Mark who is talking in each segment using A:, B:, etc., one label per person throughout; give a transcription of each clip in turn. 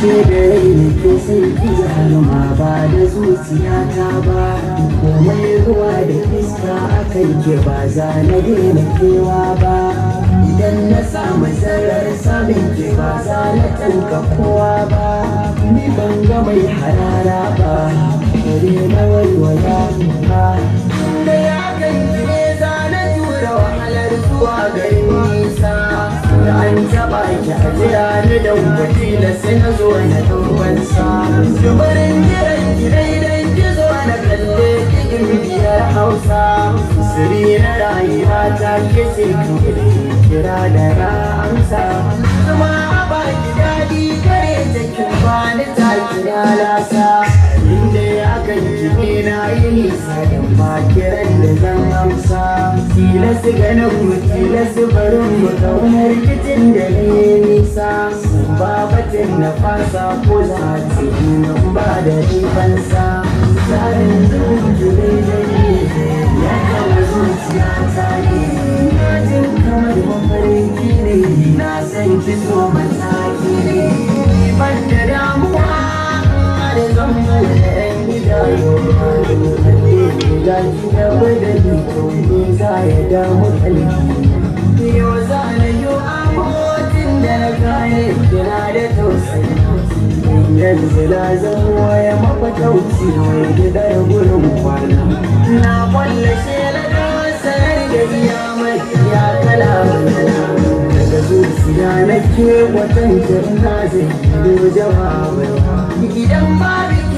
A: ke da ke sun iya halma ba da zuciyata ba komai ruwa da iska akan ke ba za na daina kewa ba idan na samu zarar samun ke ba za na tanka kowa ba ni ban ga mai harara ba kare na walwala ba da ya kan ne za na tura wahalar zuwa gari kila sai na zo na duban sa dubarin jiran ki daidan ki zo na kalle ki hausa sirri na rayuwa ta ke ce kira da ra'a kan jini na yi nisa da makiran da zan amsa Tila su ganin mu tila barin mu kaunar rikicin da ne nisa Babatin na fasa ko za ta yi na ba da rifansa Tsarin zunjure da ne ya kama zuciya ta ne Na jin kamar mafarki ne na san ki so mataki ne mataki na badali to za ya damu kalbi yau za na yi abotin da na gane kira da tausayi yanzu na zama ya mafa tausi wai gida ya gurin kwana na kwallo shela da sanar da iya mai ya kala zuciya na ke watan jirna zai yi jawabai idan babu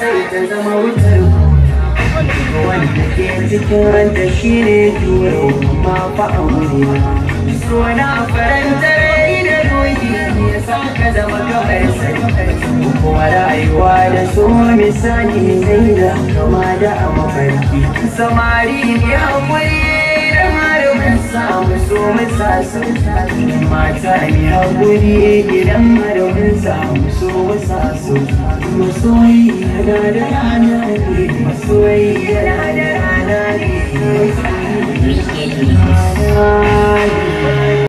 A: sai ta zama wutar wanda ke cikin ranta shi ne jure ma fa a wuri suna faranta rai da doki ne sa ka zama kamar sai kuma rayuwa da so misali zai da kama da a mafarki samari ne haƙuri da malamin samu so musa sun mata ne haƙuri gidan malamin samu so musa sun masoyi da da rana ne masoyi da da rana ne masoyi da da rana